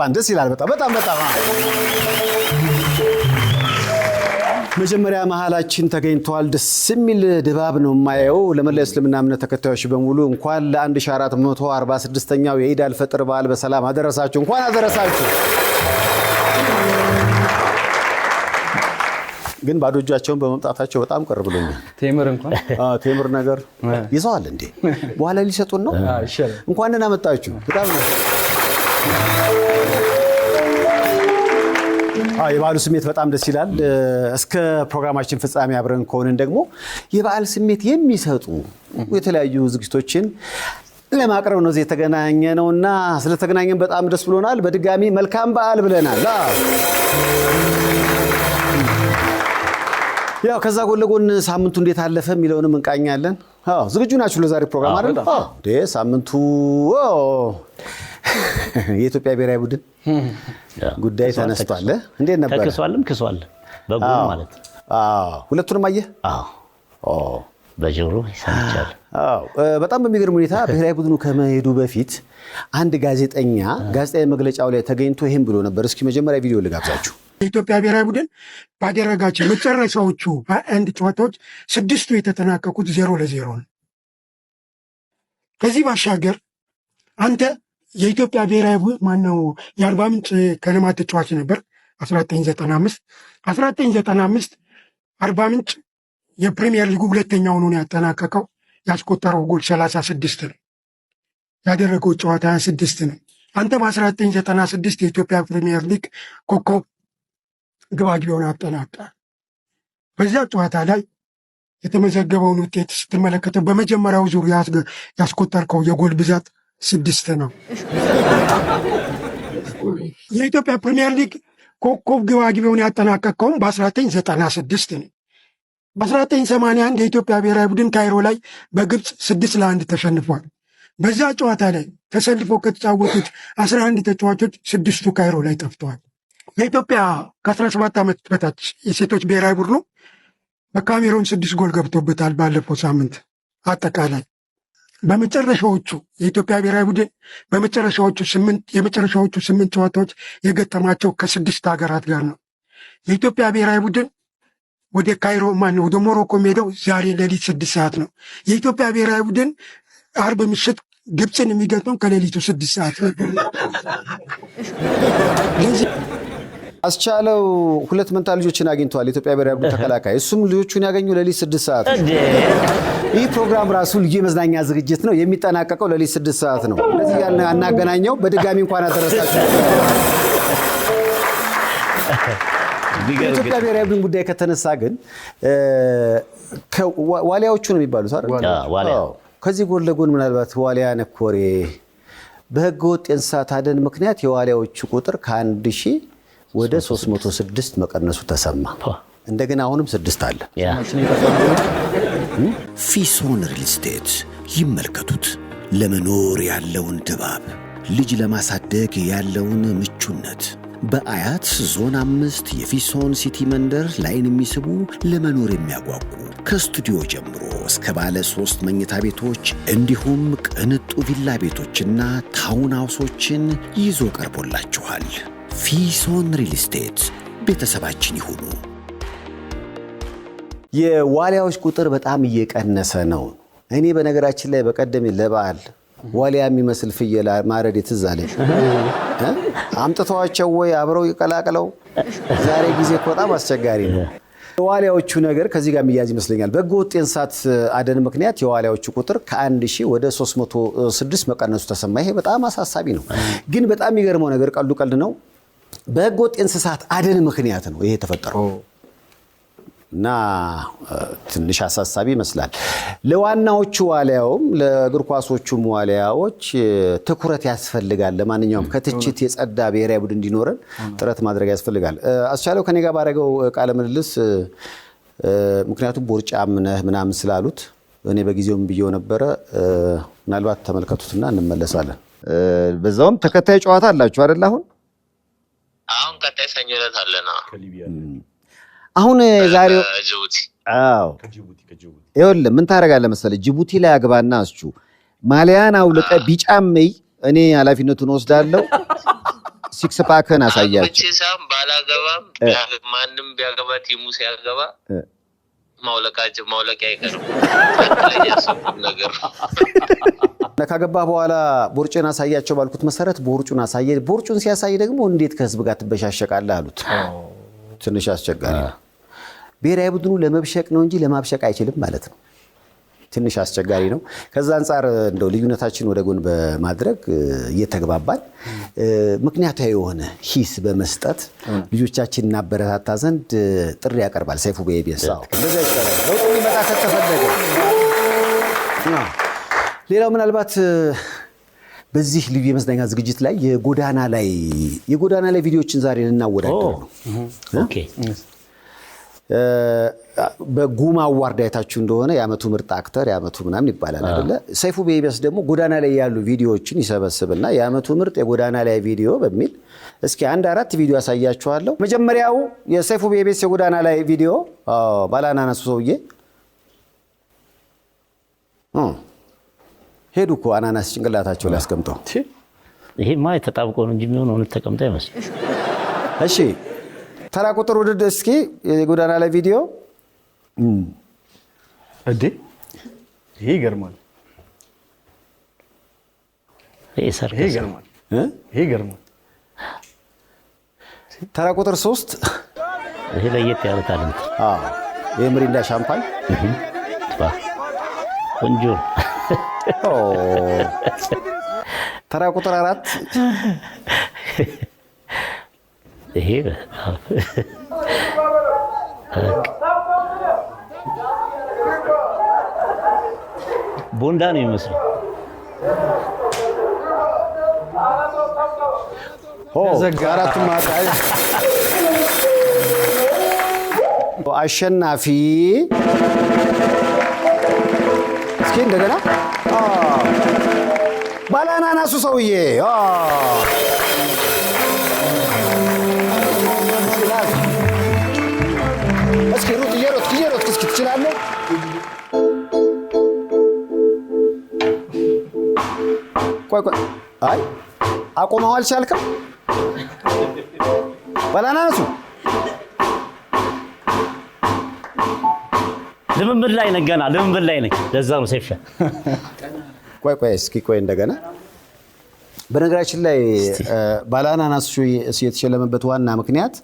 አግባን። ደስ ይላል። በጣም በጣም በጣም መጀመሪያ መሀላችን ተገኝተዋል። ደስ የሚል ድባብ ነው የማየው። ለመላው እስልምና እምነት ተከታዮች በሙሉ እንኳን ለ1446ኛው የኢድ አልፈጥር በዓል በሰላም አደረሳችሁ። እንኳን አደረሳችሁ። ግን ባዶ እጃቸውን በመምጣታቸው በጣም ቅር ብሎኛል። ቴምር እንኳን ቴምር ነገር ይዘዋል እንዴ? በኋላ ሊሰጡን ነው። እንኳን ደህና መጣችሁ በጣም የበዓሉ ስሜት በጣም ደስ ይላል። እስከ ፕሮግራማችን ፍጻሜ አብረን ከሆንን ደግሞ የበዓል ስሜት የሚሰጡ የተለያዩ ዝግጅቶችን ለማቅረብ ነው የተገናኘ እና ስለተገናኘን በጣም ደስ ብሎናል። በድጋሚ መልካም በዓል ብለናል። ያው ከዛ ጎን ለጎን ሳምንቱ እንዴት አለፈ የሚለውንም እንቃኛለን። ዝግጁ ናችሁ ለዛሬ ፕሮግራም አይደል? ሳምንቱ የኢትዮጵያ ብሔራዊ ቡድን ጉዳይ ተነስቷል። እንዴት ነበር? ተክሷልም ክሷል። በጎን ማለት ሁለቱንም አየህ። በጆሮ ይሰምቻል። በጣም በሚገርም ሁኔታ ብሔራዊ ቡድኑ ከመሄዱ በፊት አንድ ጋዜጠኛ ጋዜጣዊ መግለጫው ላይ ተገኝቶ ይህም ብሎ ነበር። እስኪ መጀመሪያ ቪዲዮ ልጋብዛችሁ። የኢትዮጵያ ብሔራዊ ቡድን ባደረጋቸው መጨረሻዎቹ በአንድ ጨዋታዎች ስድስቱ የተጠናቀቁት ዜሮ ለዜሮ ነው። ከዚህ ባሻገር አንተ የኢትዮጵያ ብሔራዊ ነው የአርባ ምንጭ ከነማ ተጫዋች ነበር። አስራ ዘጠኝ አርባ ምንጭ የፕሪሚየር ሊጉ ሁለተኛ ሆኖ ያጠናቀቀው። ያስቆጠረው ጎል ሰላሳ ስድስት ነው። ያደረገው ጨዋታ ሀያ ስድስት ነው። አንተ በአስራ ዘጠኝ የኢትዮጵያ ፕሪሚየር ሊግ ኮከብ ግብ አግቢውን አጠናቀ። በዛ ጨዋታ ላይ የተመዘገበውን ውጤት ስትመለከተው በመጀመሪያው ዙር ያስቆጠርከው የጎል ብዛት ስድስት ነው። የኢትዮጵያ ፕሪሚየር ሊግ ኮከብ ግባግቢውን ያጠናቀቀውም በ1996 ነው። በ1981 የኢትዮጵያ ብሔራዊ ቡድን ካይሮ ላይ በግብፅ ስድስት ለአንድ ተሸንፏል። በዛ ጨዋታ ላይ ተሰልፎ ከተጫወቱት 11 ተጫዋቾች ስድስቱ ካይሮ ላይ ጠፍተዋል። የኢትዮጵያ ከ17 ዓመት በታች የሴቶች ብሔራዊ ቡድኑ በካሜሮን ስድስት ጎል ገብቶበታል። ባለፈው ሳምንት አጠቃላይ በመጨረሻዎቹ የኢትዮጵያ ብሔራዊ ቡድን በመጨረሻዎቹ ስምንት የመጨረሻዎቹ ስምንት ጨዋታዎች የገጠማቸው ከስድስት ሀገራት ጋር ነው። የኢትዮጵያ ብሔራዊ ቡድን ወደ ካይሮ ማነው ወደ ሞሮኮ ሄደው ዛሬ ሌሊት ስድስት ሰዓት ነው። የኢትዮጵያ ብሔራዊ ቡድን አርብ ምሽት ግብፅን የሚገጥመው ከሌሊቱ ስድስት ሰዓት ነው። አስቻለው ሁለት መንታ ልጆችን አግኝተዋል። ኢትዮጵያ ብሔራዊ ቡድን ተከላካይ እሱም ልጆቹን ያገኙ ለሊ ስድስት ሰዓት ነው። ይህ ፕሮግራም ራሱ ልዩ የመዝናኛ ዝግጅት ነው። የሚጠናቀቀው ሌሊት ስድስት ሰዓት ነው። ስለዚህ ያን አናገናኘው። በድጋሚ እንኳን አደረሳችሁ። የኢትዮጵያ ብሔራዊ ቡድን ጉዳይ ከተነሳ ግን ዋሊያዎቹ ነው የሚባሉት አይደል? ከዚህ ጎን ለጎን ምናልባት ዋሊያ ነኮሬ በህገ ወጥ የእንስሳት አደን ምክንያት የዋሊያዎቹ ቁጥር ከአንድ ሺህ ወደ 306 መቀነሱ ተሰማ። እንደገና አሁንም ስድስት አለ። ፊሶን ሪል ስቴት ይመልከቱት። ለመኖር ያለውን ድባብ፣ ልጅ ለማሳደግ ያለውን ምቹነት በአያት ዞን አምስት የፊሶን ሲቲ መንደር ላይን የሚስቡ ለመኖር የሚያጓጉ ከስቱዲዮ ጀምሮ እስከ ባለ ሶስት መኝታ ቤቶች እንዲሁም ቅንጡ ቪላ ቤቶችና ታውን ሃውሶችን ይዞ ቀርቦላችኋል። ፊሶን ሪል ስቴት ቤተሰባችን ይሁኑ። የዋሊያዎች ቁጥር በጣም እየቀነሰ ነው። እኔ በነገራችን ላይ በቀደም ለበዓል ዋሊያ የሚመስል ፍየል ማረድ ትዝ አለኝ። አምጥተዋቸው ወይ አብረው ይቀላቅለው። ዛሬ ጊዜ በጣም አስቸጋሪ ነው። የዋሊያዎቹ ነገር ከዚህ ጋር የሚያዝ ይመስለኛል። በሕገ ወጥ የእንስሳት አደን ምክንያት የዋሊያዎቹ ቁጥር ከአንድ ሺህ ወደ 306 መቀነሱ ተሰማ። ይሄ በጣም አሳሳቢ ነው። ግን በጣም የሚገርመው ነገር ቀልዱ ቀልድ ነው በህገወጥ ወጥ እንስሳት አደን ምክንያት ነው ይሄ የተፈጠረው እና ትንሽ አሳሳቢ ይመስላል። ለዋናዎቹ ዋልያውም ለእግር ኳሶቹም ዋልያዎች ትኩረት ያስፈልጋል። ለማንኛውም ከትችት የጸዳ ብሔራዊ ቡድን እንዲኖረን ጥረት ማድረግ ያስፈልጋል። አስቻለው ከኔ ጋር ባደረገው ቃለ ምልልስ ምክንያቱም ቦርጫም ምነህ ምናምን ስላሉት እኔ በጊዜውም ብዬው ነበረ። ምናልባት ተመልከቱትና እንመለሳለን። በዛውም ተከታይ ጨዋታ አላችሁ አደል አሁን ቀጣይ ሰኞ ዕለት አለና አሁን ዛሬው ጅቡቲ አዎ ይኸውልህ ምን ታደርጋለህ መሰለህ ጅቡቲ ላይ አግባና አስቹ ማሊያን አውልቀ ቢጫመይ እኔ ኃላፊነቱን ወስዳለሁ። ሲክስ ፓክን አሳያቸው። ሳም ባላገባም ማንም ቢያገባ ቲሙ ሲያገባ ማውለቃቸው ማውለቂያ አይቀርም። ነገር እና ካገባ በኋላ ቦርጭን አሳያቸው ባልኩት መሰረት ቦርጩን አሳየ። ቦርጩን ሲያሳይ ደግሞ እንዴት ከህዝብ ጋር ትበሻሸቃለህ አሉት። ትንሽ አስቸጋሪ ነው። ብሔራዊ ቡድኑ ለመብሸቅ ነው እንጂ ለማብሸቅ አይችልም ማለት ነው። ትንሽ አስቸጋሪ ነው። ከዛ አንጻር እንደው ልዩነታችን ወደ ጎን በማድረግ እየተግባባን ምክንያታዊ የሆነ ሂስ በመስጠት ልጆቻችን እናበረታታ ዘንድ ጥሪ ያቀርባል ሰይፉ በየቤንሳ ይመጣ ከተፈለገ ሌላው ምናልባት በዚህ ልዩ የመዝናኛ ዝግጅት ላይ የጎዳና ላይ የጎዳና ላይ ቪዲዮዎችን ዛሬ ልናወዳደር ነው። በጉማ አዋርድ አይታችሁ እንደሆነ የአመቱ ምርጥ አክተር የአመቱ ምናምን ይባላል አይደለ? ሰይፉ ቤቢያስ ደግሞ ጎዳና ላይ ያሉ ቪዲዮዎችን ይሰበስብና የአመቱ ምርጥ የጎዳና ላይ ቪዲዮ በሚል እስኪ አንድ አራት ቪዲዮ ያሳያችኋለሁ። መጀመሪያው የሰይፉ ቤቢያስ የጎዳና ላይ ቪዲዮ ባላናነሱ ሰውዬ ሄዱ እኮ አናናስ ጭንቅላታቸው ላይ አስቀምጠው። ይሄማ የተጣብቆ ነው እንጂ የሚሆን እውነት ተቀምጦ አይመስል። እሺ ተራ ቁጥር ውድድ እስኪ የጎዳና ላይ ቪዲዮ እዴ ይሄ ይገርማል። ይሄ ይገርማል። ተራ ቁጥር ሶስት ይሄ ለየት ያለ ታለንት ይሄ ምሪንዳ ሻምፓኝ ቆንጆ ተራ ቁጥር አራት ይሄ ቦንዳ ነው የሚመስለው። አሸናፊ እንደገና ባለአናናሱ ሰውዬ እስኪ ሩጥ እየሮጥክ እየሮጥክ እስኪ ትችላለህ። ቆይ ቆይ፣ አይ አቆመው አልቻልክም ባለአናናሱ ልምምድ ላይ ነኝ፣ ገና ልምምድ ላይ ነኝ። ለዛ ነው ሴፍ። ቆይ ቆይ፣ እስኪ ቆይ እንደገና። በነገራችን ላይ ባለአናናስ የተሸለመበት ዋና ምክንያት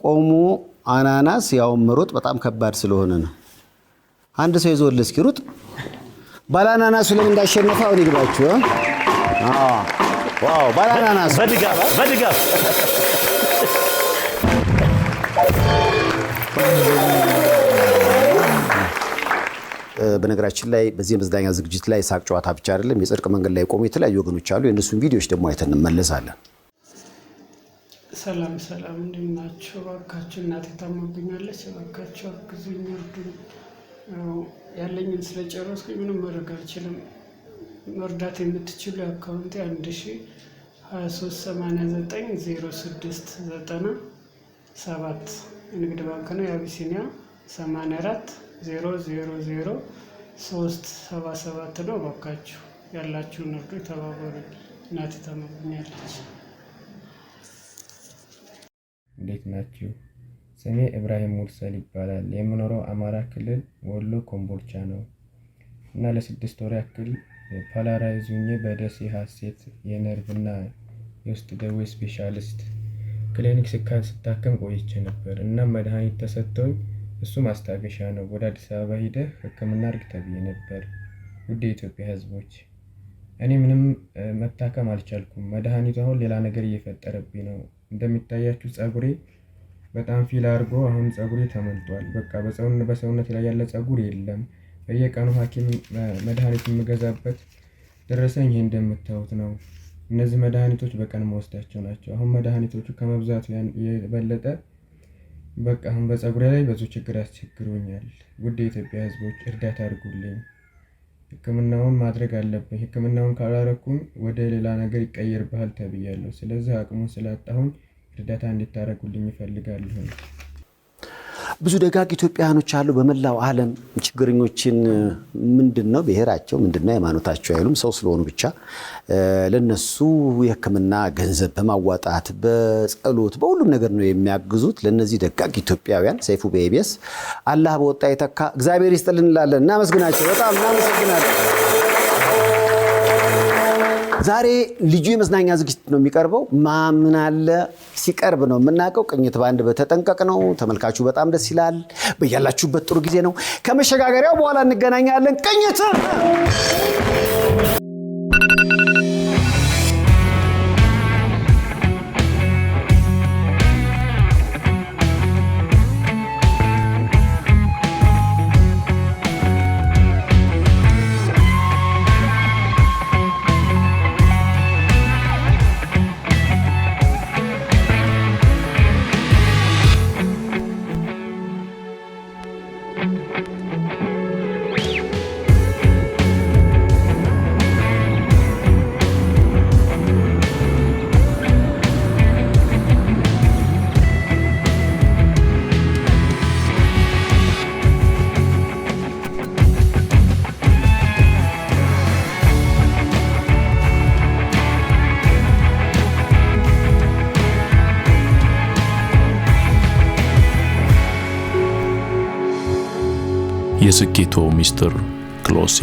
ቆሙ አናናስ ያውም ሩጥ በጣም ከባድ ስለሆነ ነው። አንድ ሰው ይዞልህ እስኪ ሩጥ። ባለ ለምን እንዳሸነፈ አሁን ይግባችሁ። ዋው በድጋፍ በነገራችን ላይ በዚህ የመዝናኛ ዝግጅት ላይ ሳቅ ጨዋታ ብቻ አይደለም። የጽድቅ መንገድ ላይ የቆሙ የተለያዩ ወገኖች አሉ። የእነሱን ቪዲዮዎች ደግሞ አይተን እንመለሳለን። ሰላም ሰላም፣ እንዴት ናችሁ? እባካችሁ እናቴ ታማብኛለች፣ እባካችሁ አግዙኝ፣ እርዱኝ። ያለኝን ስለጨረስኩኝ ምንም መድረግ አልችልም። መርዳት የምትችሉ አካውንት አንድ ሺ ሀያ ሶስት ሰማንያ ዘጠኝ ዜሮ ስድስት ዘጠና ሰባት ንግድ ባንክ ነው የአቢሲኒያ ሰማንያ አራት ዜሮ ዜሮ ዜሮ ሶስት ሰባ ሰባት ነው። እባካችሁ ያላችሁን እርዱ፣ የተባበሩ እናቴ ተመኛለች። እንዴት ናችሁ? ስሜ እብራሂም ሙርሰል ይባላል። የምኖረው አማራ ክልል ወሎ ኮምቦልቻ ነው እና ለስድስት ወር ያክል ፓላራይዝ ሆኜ በደሴ ሀሴት የነርቭና የውስጥ ደዌ ስፔሻሊስት ክሊኒክ ስካን ስታከም ቆይቼ ነበር እና መድኃኒት ተሰጥቶኝ እሱ ማስታገሻ ነው። ወደ አዲስ አበባ ሂደህ ሕክምና እርግ ተብዬ ነበር። ውድ የኢትዮጵያ ሕዝቦች እኔ ምንም መታከም አልቻልኩም። መድኃኒቱ አሁን ሌላ ነገር እየፈጠረብኝ ነው። እንደሚታያችሁ ፀጉሬ በጣም ፊል አድርጎ አሁን ፀጉሬ ተመልጧል። በቃ በሰውነት ላይ ያለ ፀጉር የለም። በየቀኑ ሐኪም መድኃኒት የምገዛበት ደረሰኝ ይህ እንደምታዩት ነው። እነዚህ መድኃኒቶች በቀን መወስዳቸው ናቸው። አሁን መድኃኒቶቹ ከመብዛቱ የበለጠ በቃ አሁን በፀጉሬ ላይ ብዙ ችግር አስቸግሮኛል። ውድ የኢትዮጵያ ህዝቦች እርዳታ አድርጉልኝ። ህክምናውን ማድረግ አለብኝ። ህክምናውን ካላረኩኝ ወደ ሌላ ነገር ይቀየርብሃል ተብያለሁ። ስለዚህ አቅሙን ስላጣሁኝ እርዳታ እንድታደርጉልኝ ይፈልጋለሁ። ብዙ ደጋግ ኢትዮጵያውያኖች አሉ በመላው ዓለም ችግረኞችን ምንድን ነው ብሔራቸው ምንድን ነው ሃይማኖታቸው አይሉም። ሰው ስለሆኑ ብቻ ለነሱ የህክምና ገንዘብ በማዋጣት በጸሎት በሁሉም ነገር ነው የሚያግዙት። ለነዚህ ደጋግ ኢትዮጵያውያን ሰይፉ በኢቢኤስ አላህ በወጣ የተካ እግዚአብሔር ይስጥልን እንላለን። እናመስግናቸው። በጣም እናመሰግናለን። ዛሬ ልዩ የመዝናኛ ዝግጅት ነው የሚቀርበው። ማምናለ ሲቀርብ ነው የምናውቀው። ቅኝት በአንድ በተጠንቀቅ ነው። ተመልካቹ በጣም ደስ ይላል። በያላችሁበት ጥሩ ጊዜ ነው። ከመሸጋገሪያው በኋላ እንገናኛለን። ቅኝት የስኬቶ ሚስጥር ክሎዝ